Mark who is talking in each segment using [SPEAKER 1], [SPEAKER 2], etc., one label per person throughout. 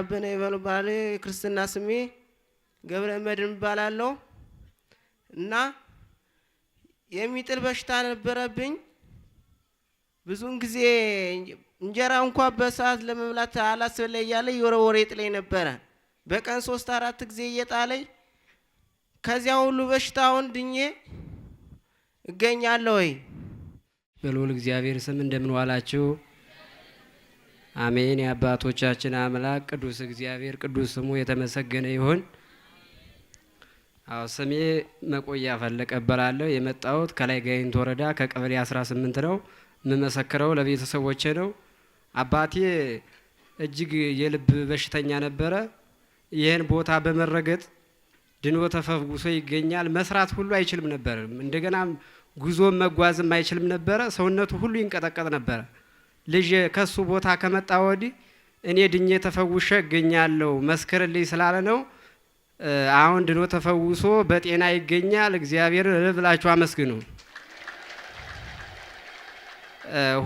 [SPEAKER 1] አበነ ይበሉ ባል ክርስትና ስሜ ገብረ መድን እባላለሁ እና የሚጥል በሽታ ነበረብኝ። ብዙውን ጊዜ እንጀራ እንኳ በሰዓት ለመብላት አላስበላ እያለ የወረወረ ይጥለኝ ነበረ። በቀን ሶስት አራት ጊዜ እየጣለኝ ከዚያ ሁሉ በሽታውን ድኜ እገኛለሁ። ወይ
[SPEAKER 2] በልዑል እግዚአብሔር ስም እንደምን ዋላችሁ? አሜን። የአባቶቻችን አምላክ ቅዱስ እግዚአብሔር ቅዱስ ስሙ የተመሰገነ ይሁን። አዎ ስሜ መቆያ ፈለቀ እባላለሁ። የመጣሁት ከላይ ጋይንት ወረዳ ከቀበሌ 18 ነው። የምመሰክረው ለቤተሰቦቼ ነው። አባቴ እጅግ የልብ በሽተኛ ነበረ። ይህን ቦታ በመረገጥ ድኖ ተፈጉሶ ይገኛል። መስራት ሁሉ አይችልም ነበር። እንደገና ጉዞ መጓዝም አይችልም ነበረ። ሰውነቱ ሁሉ ይንቀጠቀጥ ነበረ። ልጅ ከሱ ቦታ ከመጣ ወዲህ እኔ ድኜ ተፈውሸ እገኛለሁ መስክርልኝ ስላለ ነው። አሁን ድኖ ተፈውሶ በጤና ይገኛል። እግዚአብሔር ብላችሁ አመስግኑ።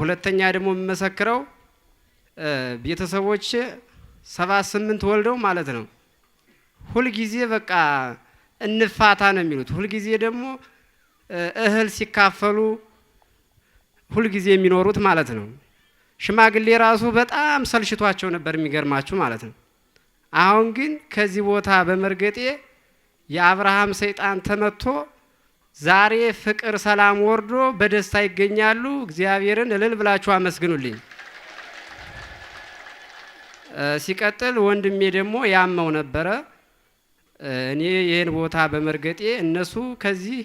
[SPEAKER 2] ሁለተኛ ደግሞ የምመሰክረው ቤተሰቦች ሰባ ስምንት ወልደው ማለት ነው። ሁልጊዜ በቃ እንፋታ ነው የሚሉት። ሁልጊዜ ደግሞ እህል ሲካፈሉ ሁልጊዜ የሚኖሩት ማለት ነው። ሽማግሌ ራሱ በጣም ሰልችቷቸው ነበር የሚገርማችሁ ማለት ነው። አሁን ግን ከዚህ ቦታ በመርገጤ የአብርሃም ሰይጣን ተመቶ ዛሬ ፍቅር፣ ሰላም ወርዶ በደስታ ይገኛሉ። እግዚአብሔርን እልል ብላችሁ አመስግኑልኝ። ሲቀጥል ወንድሜ ደግሞ ያመው ነበረ። እኔ ይህን ቦታ በመርገጤ እነሱ ከዚህ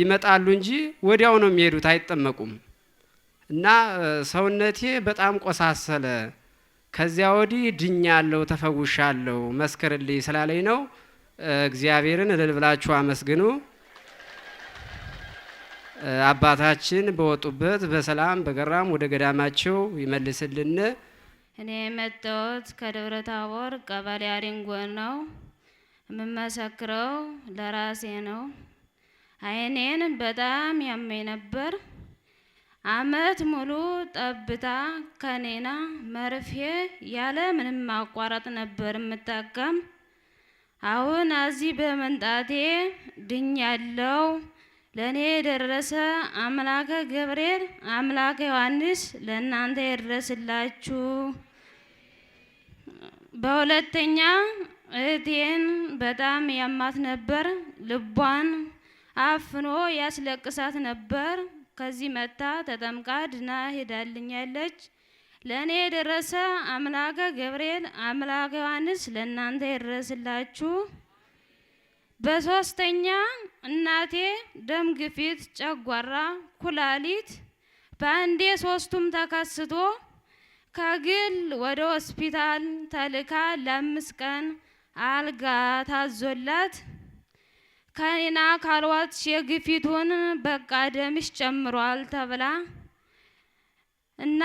[SPEAKER 2] ይመጣሉ እንጂ ወዲያው ነው የሚሄዱት፣ አይጠመቁም። እና ሰውነቴ በጣም ቆሳሰለ። ከዚያ ወዲህ ድኛለሁ፣ ተፈውሻለሁ፣ መስክርልኝ ስላለኝ ነው። እግዚአብሔርን እልል ብላችሁ አመስግኑ። አባታችን በወጡበት በሰላም በገራም ወደ ገዳማቸው ይመልስልን።
[SPEAKER 3] እኔ የመጣሁት ከደብረ ታቦር ቀበሌ አሪንጎን ነው። የምመሰክረው ለራሴ ነው። አይኔን በጣም ያመኝ ነበር። አመት ሙሉ ጠብታ ከኔና መርፌ ያለ ምንም ማቋረጥ ነበር የምጠቀም። አሁን እዚህ በመንጣቴ ድኛለው። ለእኔ የደረሰ አምላከ ገብርኤል አምላከ ዮሐንስ ለእናንተ የደረስላችሁ። በሁለተኛ እህቴን በጣም ያማት ነበር። ልቧን አፍኖ ያስለቅሳት ነበር። ከዚህ መታ ተጠምቃ ድና ሄዳልኛለች። ለእኔ የደረሰ አምላከ ገብርኤል አምላከ ዮሐንስ ለእናንተ ይድረስላችሁ። በሶስተኛ እናቴ ደም ግፊት፣ ጨጓራ፣ ኩላሊት በአንዴ ሶስቱም ተከስቶ ከግል ወደ ሆስፒታል ተልካ ለአምስት ቀን አልጋ ታዞላት ከኔና ካልዋት የግፊቱን በቃ ደምሽ ጨምሯል ተብላ እና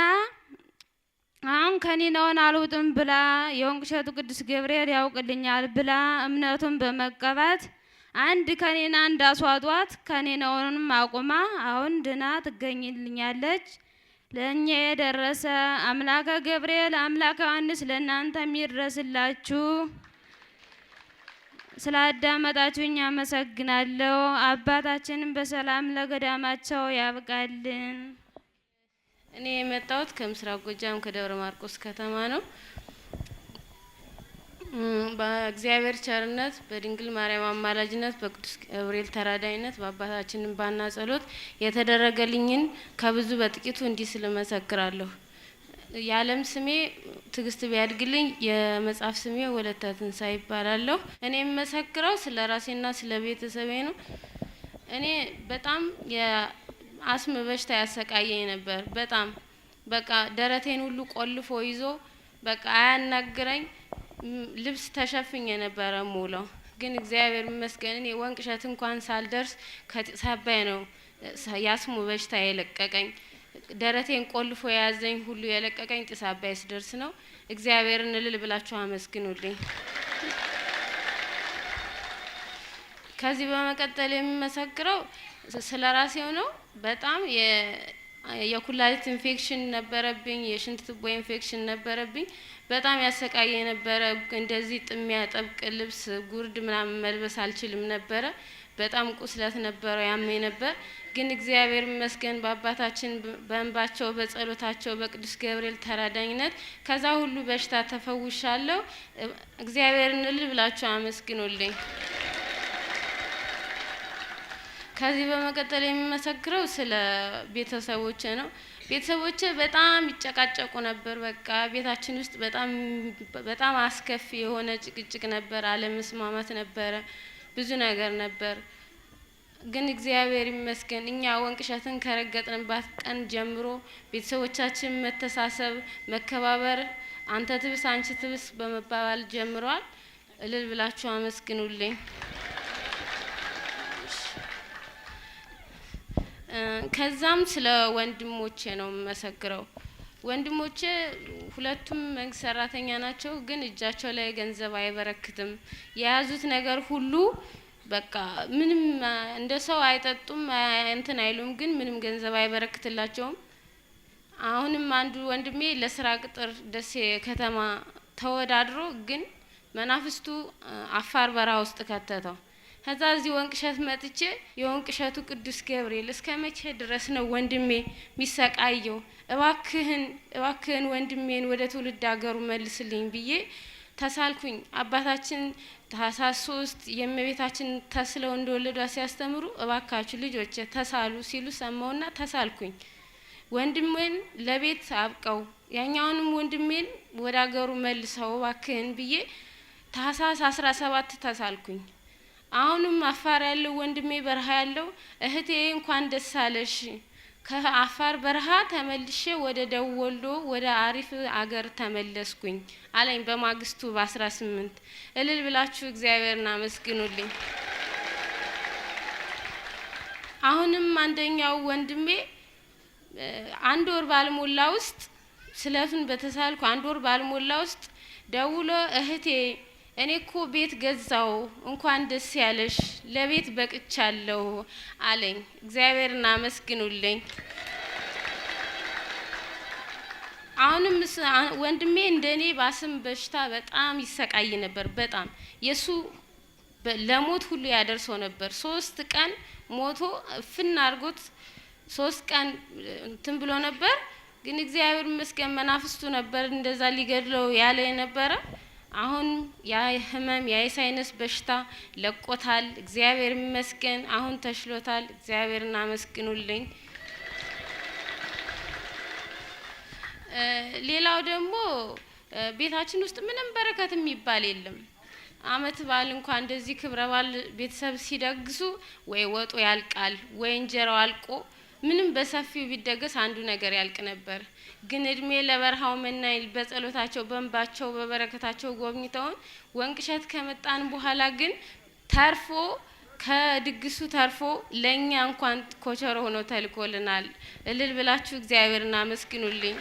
[SPEAKER 3] አሁን ከኒናውን አልውጥም ብላ የወንቅ እሸቱ ቅዱስ ገብርኤል ያውቅልኛል ብላ እምነቱን በመቀባት አንድ ከኒና እንዳስዋጧት ከኔናውንም አቁማ አሁን ድና ትገኝልኛለች። ለእኛ የደረሰ አምላከ ገብርኤል አምላከ ዮሐንስ ለእናንተ የሚድረስላችሁ። ስላዳመጣችሁኝ አመሰግናለሁ። አባታችንን በሰላም ለገዳማቸው ያብቃልን።
[SPEAKER 4] እኔ የመጣሁት ከምስራቅ ጎጃም ከደብረ ማርቆስ ከተማ ነው። በእግዚአብሔር ቸርነት በድንግል ማርያም አማላጅነት በቅዱስ ገብርኤል ተራዳይነት በአባታችንን ባና ጸሎት የተደረገልኝን ከብዙ በጥቂቱ እንዲህ ስል የዓለም ስሜ ትግስት ቢያድግልኝ የመጽሐፍ ስሜ ወለተ ትንሳኤ ይባላለሁ። እኔ የምመሰክረው ስለ ራሴና ስለ ቤተሰቤ ነው። እኔ በጣም የአስም በሽታ ያሰቃየኝ ነበር። በጣም በቃ ደረቴን ሁሉ ቆልፎ ይዞ በቃ አያናግረኝ ልብስ ተሸፍኝ የነበረ ሙለው ግን እግዚአብሔር ይመስገን እኔ ወንቅ እሸት እንኳን ሳልደርስ ከጢስ አባይ ነው የአስሙ በሽታ የለቀቀኝ። ደረቴን ቆልፎ የያዘኝ ሁሉ የለቀቀኝ ጢስ አባይ ስደርስ ነው። እግዚአብሔርን እልል ብላችሁ አመስግኑልኝ። ከዚህ በመቀጠል የሚመሰክረው ስለ ራሴው ነው። በጣም የኩላሊት ኢንፌክሽን ነበረብኝ። የሽንት ትቦ ኢንፌክሽን ነበረብኝ። በጣም ያሰቃየ ነበረ። እንደዚህ ጥሚያ ጠብቅ ልብስ ጉርድ ምናምን መልበስ አልችልም ነበረ በጣም ቁስለት ነበረው፣ ያሜ ነበር። ግን እግዚአብሔር ይመስገን በአባታችን በእንባቸው በጸሎታቸው በቅዱስ ገብርኤል ተራዳኝነት ከዛ ሁሉ በሽታ ተፈውሻለሁ። እግዚአብሔርን እልል ብላችሁ አመስግኑልኝ። ከዚህ በመቀጠል የሚመሰክረው ስለ ቤተሰቦች ነው። ቤተሰቦች በጣም ይጨቃጨቁ ነበር። በቃ ቤታችን ውስጥ በጣም በጣም አስከፊ የሆነ ጭቅጭቅ ነበር፣ አለመስማማት ነበረ። ብዙ ነገር ነበር። ግን እግዚአብሔር ይመስገን እኛ ወንቅ እሸትን ከረገጥንባት ቀን ጀምሮ ቤተሰቦቻችን መተሳሰብ፣ መከባበር፣ አንተ ትብስ አንቺ ትብስ በመባባል ጀምሯል። እልል ብላችሁ አመስግኑልኝ። ከዛም ስለ ወንድሞቼ ነው የምመሰግረው። ወንድሞቼ ሁለቱም መንግስት ሰራተኛ ናቸው፣ ግን እጃቸው ላይ ገንዘብ አይበረክትም። የያዙት ነገር ሁሉ በቃ ምንም እንደ ሰው አይጠጡም፣ እንትን አይሉም፣ ግን ምንም ገንዘብ አይበረክትላቸውም። አሁንም አንዱ ወንድሜ ለስራ ቅጥር ደሴ ከተማ ተወዳድሮ ግን መናፍስቱ አፋር በረሃ ውስጥ ከተተው። ከዛ እዚህ ወንቅ እሸት መጥቼ የወንቅ እሸቱ ቅዱስ ገብርኤል እስከ መቼ ድረስ ነው ወንድሜ የሚሰቃየው? እባክህን እባክህን ወንድሜን ወደ ትውልድ ሀገሩ መልስልኝ ብዬ ተሳልኩኝ። አባታችን ታህሳስ ሶስት የእመቤታችን ተስለው እንደወለዷ ሲያስተምሩ እባካችሁ ልጆች ተሳሉ ሲሉ ሰማውና ተሳልኩኝ። ወንድሜን ለቤት አብቀው ያኛውንም ወንድሜን ወደ ሀገሩ መልሰው እባክህን ብዬ ታህሳስ አስራ ሰባት ተሳልኩኝ። አሁንም አፋር ያለው ወንድሜ በረሃ ያለው እህቴ እንኳን ደስ አለሽ። ከአፋር በረሃ ተመልሼ ወደ ደቡብ ወሎ ወደ አሪፍ አገር ተመለስኩኝ አለኝ። በማግስቱ በ ስምንት እልል ብላችሁ እግዚአብሔርን አመስግኑልኝ። አሁንም አንደኛው ወንድሜ አንድ ወር ባልሞላ ውስጥ ስለፍን በተሳልኩ አንድ ወር ባልሞላ ውስጥ ደውሎ እህቴ እኔ እኮ ቤት ገዛው እንኳን ደስ ያለሽ ለቤት በቅቻለሁ አለኝ። እግዚአብሔርን አመስግኑልኝ። አሁንም ወንድሜ እንደ እኔ ባስም በሽታ በጣም ይሰቃይ ነበር። በጣም የእሱ ለሞት ሁሉ ያደርሰው ነበር። ሶስት ቀን ሞቶ እፍና አድርጎት ሶስት ቀን እንትን ብሎ ነበር። ግን እግዚአብሔር ይመስገን መናፍስቱ ነበር እንደዛ ሊገድለው ያለ የነበረ አሁን የህመም የሳይነስ በሽታ ለቆታል። እግዚአብሔር ይመስገን፣ አሁን ተሽሎታል። እግዚአብሔርን አመስግኑልኝ። ሌላው ደግሞ ቤታችን ውስጥ ምንም በረከት የሚባል የለም። አመት በዓል እንኳ እንደዚህ ክብረ በዓል ቤተሰብ ሲደግሱ ወይ ወጡ ያልቃል ወይ እንጀራው አልቆ ምንም በሰፊው ቢደገስ አንዱ ነገር ያልቅ ነበር። ግን እድሜ ለበረሃው መናይል በጸሎታቸው በእንባቸው በበረከታቸው ጎብኝተውን ወንቅሸት ከመጣን በኋላ ግን ተርፎ ከድግሱ ተርፎ ለእኛ እንኳን ኮቸሮ ሆኖ ተልኮልናል። እልል ብላችሁ እግዚአብሔርን አመስግኑልኝ።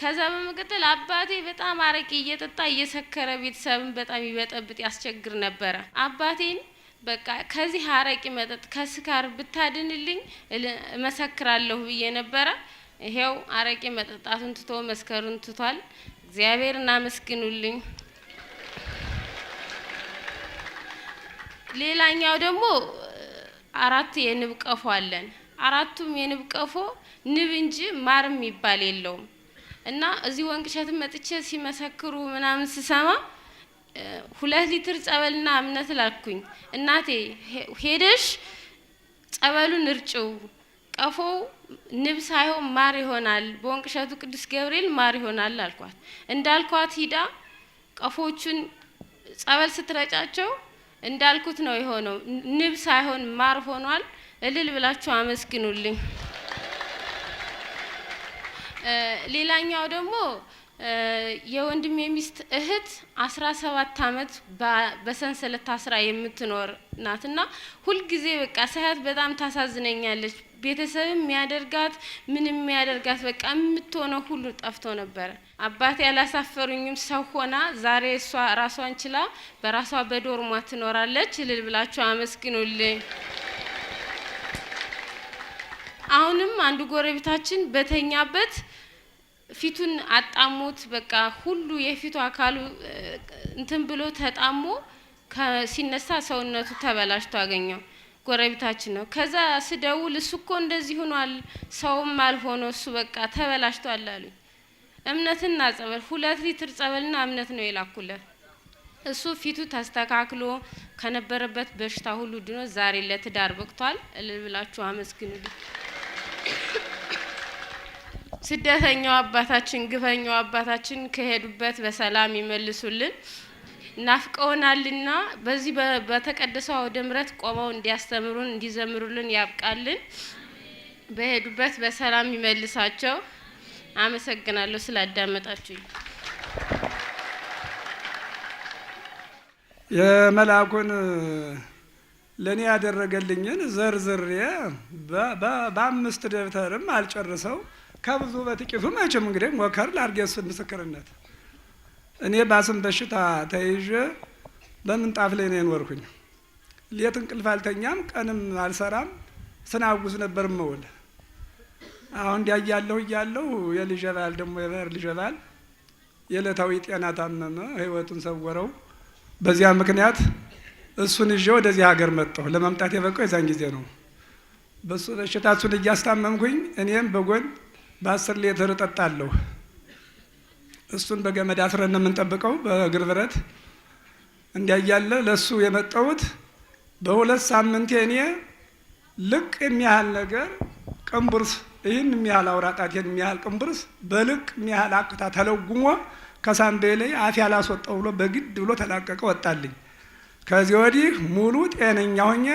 [SPEAKER 4] ከዛ በመቀጠል አባቴ በጣም አረቄ እየጠጣ እየሰከረ ቤተሰብን በጣም ይበጠብጥ ያስቸግር ነበረ አባቴን በቃ ከዚህ አረቂ መጠጥ ከስካር ብታድንልኝ እመሰክራለሁ ብዬ ነበረ። ይሄው አረቂ መጠጣቱን ትቶ መስከሩን ትቷል። እግዚአብሔር እናመስግኑልኝ። ሌላኛው ደግሞ አራት የንብ ቀፎ አለን። አራቱም የንብ ቀፎ ንብ እንጂ ማር የሚባል የለውም እና እዚህ ወንቅ እሸት መጥቼ ሲመሰክሩ ምናምን ስሰማ ሁለት ሊትር ጸበልና እምነት ላኩኝ። እናቴ ሄደሽ ጸበሉን እርጭው፣ ቀፎ ንብ ሳይሆን ማር ይሆናል፣ በወንቅሸቱ ቅዱስ ገብርኤል ማር ይሆናል አልኳት። እንዳልኳት ሂዳ ቀፎቹን ጸበል ስትረጫቸው እንዳልኩት ነው የሆነው። ንብ ሳይሆን ማር ሆኗል። እልል ብላችሁ አመስግኑልኝ። ሌላኛው ደግሞ የወንድሜ ሚስት እህት አስራ ሰባት አመት በሰንሰለት ታስራ የምትኖር ናትና ሁልጊዜ በቃ ሳያት በጣም ታሳዝነኛለች። ቤተሰብም የሚያደርጋት ምንም የሚያደርጋት በቃ የምትሆነው ሁሉ ጠፍቶ ነበረ። አባቴ ያላሳፈሩኝም ሰው ሆና ዛሬ እሷ ራሷን ችላ በራሷ በዶርሟ ትኖራለች። እልል ብላችሁ አመስግኑልኝ። አሁንም አንዱ ጎረቤታችን በተኛበት ፊቱን አጣሞት በቃ ሁሉ የፊቱ አካሉ እንትን ብሎ ተጣሞ ሲነሳ ሰውነቱ ተበላሽቶ አገኘው። ጎረቤታችን ነው። ከዛ ስደውል እሱ እኮ እንደዚህ ሆኗል፣ ሰውም አልሆነ እሱ በቃ ተበላሽቷል አሉኝ። እምነትና ጸበል፣ ሁለት ሊትር ጸበልና እምነት ነው የላኩለት። እሱ ፊቱ ተስተካክሎ ከነበረበት በሽታ ሁሉ ድኖ ዛሬ ለትዳር በቅቷል። እልል ብላችሁ አመስግኑልኝ። ስደተኛው አባታችን ግፈኛው አባታችን ከሄዱበት በሰላም ይመልሱልን። ናፍቀውናልና በዚህ በተቀደሰው አውደ ምሕረት ቆመው እንዲያስተምሩን እንዲዘምሩልን ያብቃልን። በሄዱበት በሰላም ይመልሳቸው። አመሰግናለሁ ስላዳመጣችሁኝ።
[SPEAKER 5] የመልአኩን ለእኔ ያደረገልኝን ዘርዝሬ በአምስት ደብተርም አልጨርሰው ከብዙ በጥቂቱ መቼም እንግዲህ ሞከር ላርጌስ ምስክርነት። እኔ ባስም በሽታ ተይዤ በምንጣፍ ላይ ነው የኖርኩኝ። ሌት እንቅልፍ አልተኛም፣ ቀንም አልሰራም። ስናጉስ ነበር መውል አሁን እንዲያያለሁ እያለሁ እያለሁ ደግሞ የዕለታዊ ጤና ታመመ፣ ህይወቱን ሰወረው። በዚያ ምክንያት እሱን ይዤ ወደዚህ ሀገር መጣሁ። ለመምጣት የበቃው የዛን ጊዜ ነው። በሱ በሽታ እሱን እያስታመምኩኝ እኔም በጎን በአስር ሌትር እጠጣለሁ። እሱን በገመድ አስረን ነው የምንጠብቀው በእግር ብረት። እንዲያ ለእሱ የመጣሁት በሁለት ሳምንት የኔ ልቅ የሚያህል ነገር ቅንብርስ፣ ይህን የሚያህል አውራጣቴን የሚያህል ቅንብርስ በልቅ የሚያህል አቅታ ተለጉሞ ከሳምቤ ላይ አፍ ያላስወጣው ብሎ በግድ ብሎ ተላቀቀ ወጣልኝ። ከዚህ ወዲህ ሙሉ ጤነኛ ሆኜ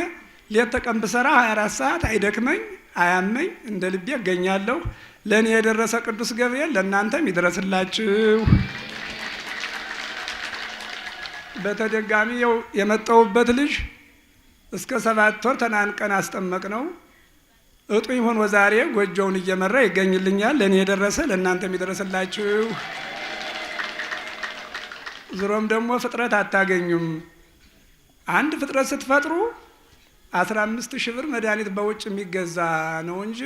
[SPEAKER 5] ሌት ተቀን ብሰራ 24 ሰዓት አይደክመኝ አያመኝ፣ እንደ ልቤ እገኛለሁ። ለእኔ የደረሰ ቅዱስ ገብርኤል ለእናንተም ይድረስላችሁ። በተደጋሚ የመጣሁበት ልጅ እስከ ሰባት ወር ተናንቀን አስጠመቅ ነው። እጡኝ ሆኖ ዛሬ ጎጆውን እየመራ ይገኝልኛል። ለእኔ የደረሰ ለእናንተም ይድረስላችሁ። ዝሮም ደግሞ ፍጥረት አታገኙም። አንድ ፍጥረት ስትፈጥሩ አስራ አምስት ሺህ ብር መድኃኒት በውጭ የሚገዛ ነው እንጂ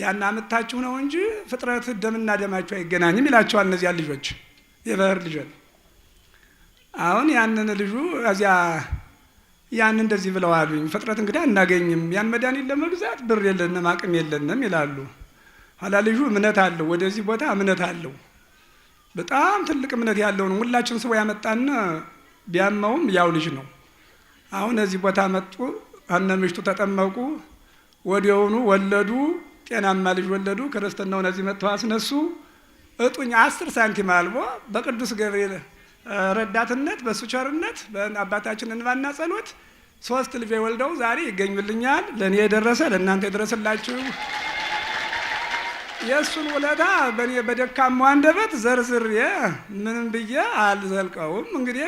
[SPEAKER 5] ያን አመታችሁ ነው እንጂ ፍጥረት ደምና ደማችሁ አይገናኝም ይላቸዋል። እነዚያ ልጆች የበህር ልጆች አሁን ያንን ልጁ እዚያ ያን እንደዚህ ብለው አሉኝ። ፍጥረት እንግዲህ አናገኝም፣ ያን መድኃኒት ለመግዛት ብር የለንም፣ አቅም የለንም ይላሉ። ኋላ ልጁ እምነት አለው፣ ወደዚህ ቦታ እምነት አለው። በጣም ትልቅ እምነት ነው። ሁላችን ስቦ ያመጣን ቢያመውም ያው ልጅ ነው። አሁን እዚህ ቦታ መጡ፣ አነምሽቱ ተጠመቁ፣ ወዲያውኑ ወለዱ። ጤናማ ልጅ ወለዱ። ክርስትናውን እዚህ መጥተው አስነሱ። እጡኝ አስር ሳንቲም አልቦ በቅዱስ ገብርኤል ረዳትነት በሱ ቸርነት በአባታችን እንባና ጸሎት ሶስት ልጅ ወልደው ዛሬ ይገኙልኛል። ለእኔ የደረሰ ለእናንተ የደረሰላችሁ። የእሱን ውለታ በእኔ በደካማ አንደበት ዘርዝሬ ምንም ብዬ አልዘልቀውም። እንግዲህ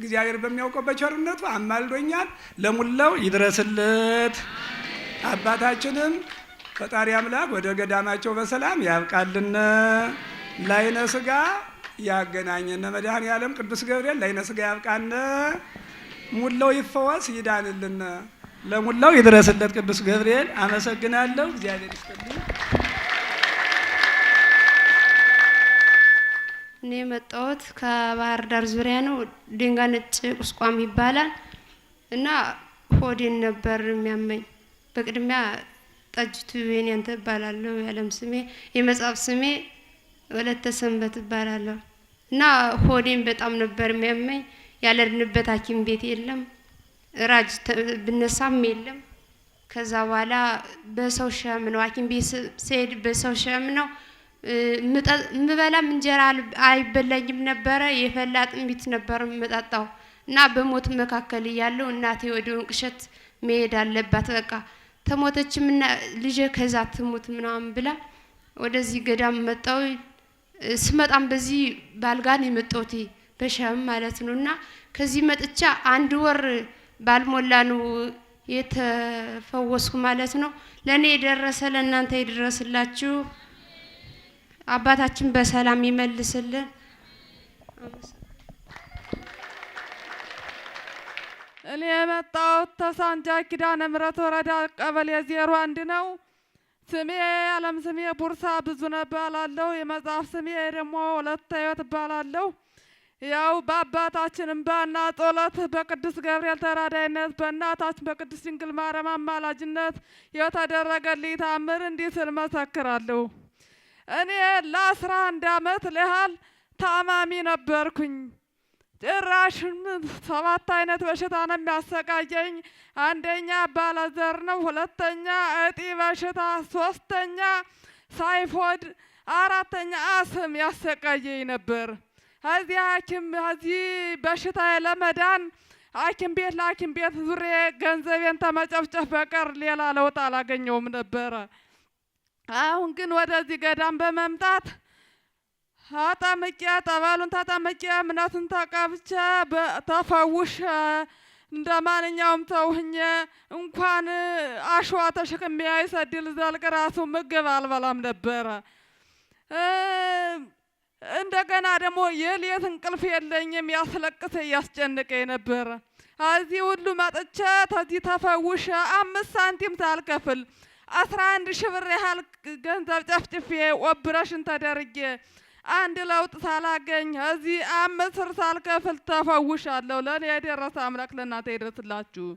[SPEAKER 5] እግዚአብሔር በሚያውቀው በቸርነቱ አማልዶኛል። ለሙላው ይድረስለት አባታችንም ፈጣሪ አምላክ ወደ ገዳማቸው በሰላም ያብቃልን። ላይነ ስጋ ያገናኘን መድኃኔ ዓለም ቅዱስ ገብርኤል ላይነ ስጋ ያብቃን። ሙላው ይፈወስ ይዳንልን። ለሙላው ይድረስለት ቅዱስ ገብርኤል። አመሰግናለሁ። እግዚአብሔር ይስጥልኝ።
[SPEAKER 3] እኔ የመጣሁት ከባህር ዳር ዙሪያ ነው። ድንጋ ነጭ ቁስቋም ይባላል እና ሆዴን ነበር የሚያመኝ በቅድሚያ ጠጅቱ ይሄን ያንተ እባላለሁ። የዓለም ስሜ የመጽሐፍ ስሜ ወለተ ሰንበት እባላለሁ እና ሆዴን በጣም ነበር የሚያመኝ። ያለድንበት ሐኪም ቤት የለም፣ ራጅ ብነሳም የለም። ከዛ በኋላ በሰው ሸም ነው ሐኪም ቤት ስሄድ በሰው ሸም ነው ምበላም እንጀራ አይበላኝም ነበረ። የፈላ ጥንቢት ነበር መጣጣው እና በሞት መካከል እያለሁ እናቴ ወደ ወንቅሸት መሄድ አለባት በቃ ተሞተችምና ልጄ ከዛ ትሙት ምናምን ብላ ወደዚህ ገዳም መጣው። ስመጣም በዚህ ባልጋን የመጣሁት በሸም ማለት ነው። እና ከዚህ መጥቻ አንድ ወር ባልሞላ ነው የተፈወስኩ ማለት ነው። ለእኔ የደረሰ ለእናንተ ይድረስላችሁ። አባታችን በሰላም ይመልስልን።
[SPEAKER 6] እኔ የመጣሁት ተሳንጃ ኪዳነ ምሕረት ወረዳ ቀበሌ ዜሮ አንድ ነው። ስሜ ዓለም ስሜ ቡርሳ ብዙነህ እባላለሁ። የመጽሐፍ ስሜ ደግሞ ወለተ እባላለሁ። ያው በአባታችን እንባና ጸሎት በቅዱስ ገብርኤል ተራዳይነት በእናታችን በቅድስት ድንግል ማርያም አማላጅነት የተደረገልኝ ታምር እንዲህ ስል መሰክራለሁ። እኔ ለአስራ አንድ ዓመት ያህል ታማሚ ነበርኩኝ። ጭራሽም ሰባት አይነት በሽታ ነው የሚያሰቃየኝ። አንደኛ ባለዘር ነው፣ ሁለተኛ እጢ በሽታ፣ ሶስተኛ ሳይፎድ፣ አራተኛ አስም ያሰቃየኝ ነበር። እዚህ ሐኪም እዚህ በሽታ ለመዳን ሐኪም ቤት ለሐኪም ቤት ዙሬ ገንዘቤን ተመጨፍጨፍ በቀር ሌላ ለውጥ አላገኘውም ነበረ። አሁን ግን ወደዚህ ገዳም በመምጣት አጣመቂያ ጠበሉን ታጣመቂያ ምናትን ታቃብቻ ተፈውሽ እንደ ማንኛውም ተውህኘ እንኳን አሸዋ ተሸክሜ አይሰድል ዘልቅ ራሱ ምግብ አልበላም ነበረ። እንደገና ደግሞ የሌት እንቅልፍ የለኝም ያስለቅሰ ያስጨንቀ ነበረ። እዚህ ሁሉ መጥቼ ተዚህ ተፈውሽ አምስት ሳንቲም ሳልከፍል አስራ አንድ ሺህ ብር ያህል ገንዘብ ጨፍጭፌ ኦፕሬሽን ተደርጌ አንድ ለውጥ ሳላገኝ እዚህ አምስት ብር ሳልከፍል ተፈውሻለሁ። ለእኔ የደረሰ አምላክ ለእናንተ ይድረስላችሁ።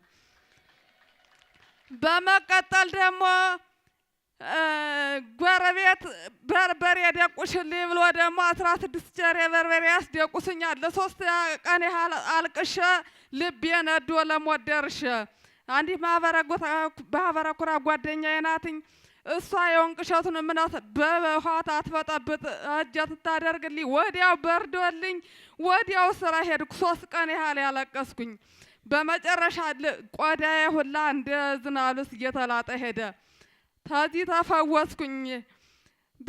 [SPEAKER 6] በመቀጠል ደግሞ ጎረቤት በርበሬ ደቁሽልኝ ብሎ ደግሞ አስራ ስድስት ጀሬ በርበሬ ያስደቁስኛል። ለሶስት ቀን ያህል አልቅሸ ልቤ ነዶ ለሞት ደርሼ አንዲት ማህበረ ኩራ ጓደኛዬ ናትኝ እሷ የወንቅ እሸቱን ምናት በውሃት አትበጠብጥ ትታደርግልኝ። ወዲያው በርዶልኝ ወዲያው ስራ ሄድኩ። ሶስት ቀን ያህል ያለቀስኩኝ። በመጨረሻ ቆዳዬ ሁላ እንደ ዝናብ እየተላጠ ሄደ። ከዚህ ተፈወስኩኝ።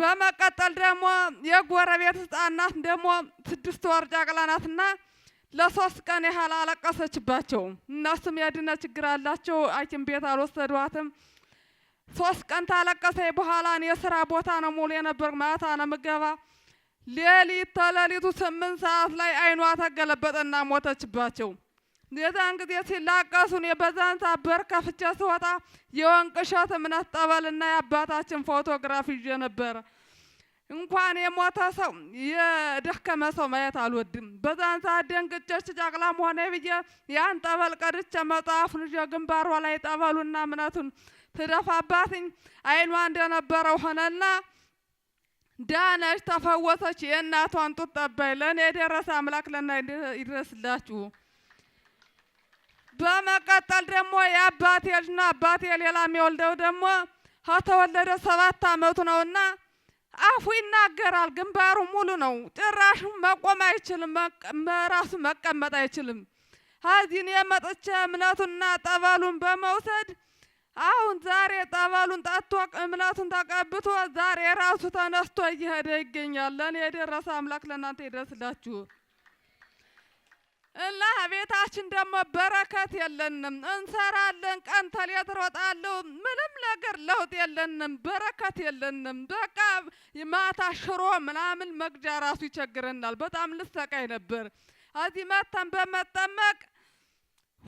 [SPEAKER 6] በመቀጠል ደግሞ የጎረቤት ህጻናት ደግሞ ስድስት ወር ጨቅላ ናትና ለሶስት ቀን ያህል አለቀሰችባቸው። እነሱም የድነ ችግር አላቸው። ሐኪም ቤት አልወሰዷትም። ሶስት ቀን ታለቀሰ በኋላ እኔ የስራ ቦታ ነው ሙሉ የነበር ማታ ነው ምገባ ሌሊት ተሌሊቱ ስምንት ሰዓት ላይ አይኗ ተገለበጠና ሞተችባቸው። የዛን ጊዜ ሲላቀሱ እኔ በዛን ሰዓት በር ከፍቼ ስወጣ የወንቅ እሸት እምነት ጠበልና የአባታችን ፎቶግራፍ ይዤ ነበረ። እንኳን የሞተ ሰው የደከመ ሰው ማየት አልወድም። በዛን ሰዓት ደንግጬ ጨቅላ ሆነ ብዬ ያን ጠበል ቀድቼ መጽሐፉን ይዤ ግንባሯ ላይ ጠበሉና እምነቱን ትደፋባትኝ አይኗ እንደነበረው ሆነና ዳነች፣ ተፈወሰች። የእናቷን ጡት ጠባይ ለእኔ የደረሰ አምላክ ለና ይድረስላችሁ። በመቀጠል ደግሞ የአባቴ ልጅ ነው። አባቴ ሌላ የሚወልደው ደግሞ ከተወለደ ሰባት አመቱ ነውና አፉ ይናገራል፣ ግንባሩ ሙሉ ነው። ጭራሽ መቆም አይችልም፣ መራሱ መቀመጥ አይችልም። አዚህን የመጥቼ እምነቱና ጠበሉን በመውሰድ አሁን ዛሬ ጠበሉን ጠጥቶ እምነቱን ተቀብቶ ዛሬ ራሱ ተነስቶ እየሄደ ይገኛል። ለእኔ የደረሰ አምላክ ለእናንተ ይድረስላችሁ እና ቤታችን ደግሞ በረከት የለንም። እንሰራለን፣ ቀን ተሌት ሮጣለሁ። ምንም ነገር ለውጥ የለንም፣ በረከት የለንም። በቃ ማታ ሽሮ ምናምን መግጃ ራሱ ይቸግረናል። በጣም ልሰቃይ ነበር እዚህ መተን በመጠመቅ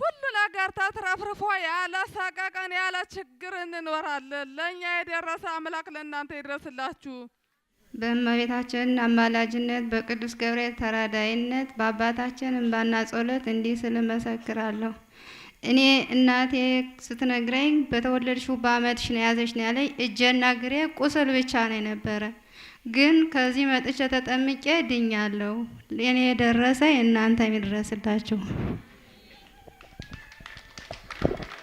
[SPEAKER 6] ሁሉ ነገር ተትረፍርፎ ያለ ሰቀቀን ያለ ችግር እንኖራለን። ለእኛ የደረሰ አምላክ ለእናንተ ይድረስላችሁ።
[SPEAKER 3] በእመቤታችን አማላጅነት በቅዱስ ገብርኤል ተራዳይነት በአባታችን እንባና ጸሎት እንዲህ ስል መሰክራለሁ። እኔ እናቴ ስትነግረኝ በተወለድሽው በአመትሽ ነው ያዘሽ ነው ያለኝ። እጄና እግሬ ቁስል ብቻ ነው የነበረ፣ ግን ከዚህ መጥቼ ተጠምቄ ድኛለሁ። እኔ የደረሰ እናንተ የሚደረስላችሁ Thank you.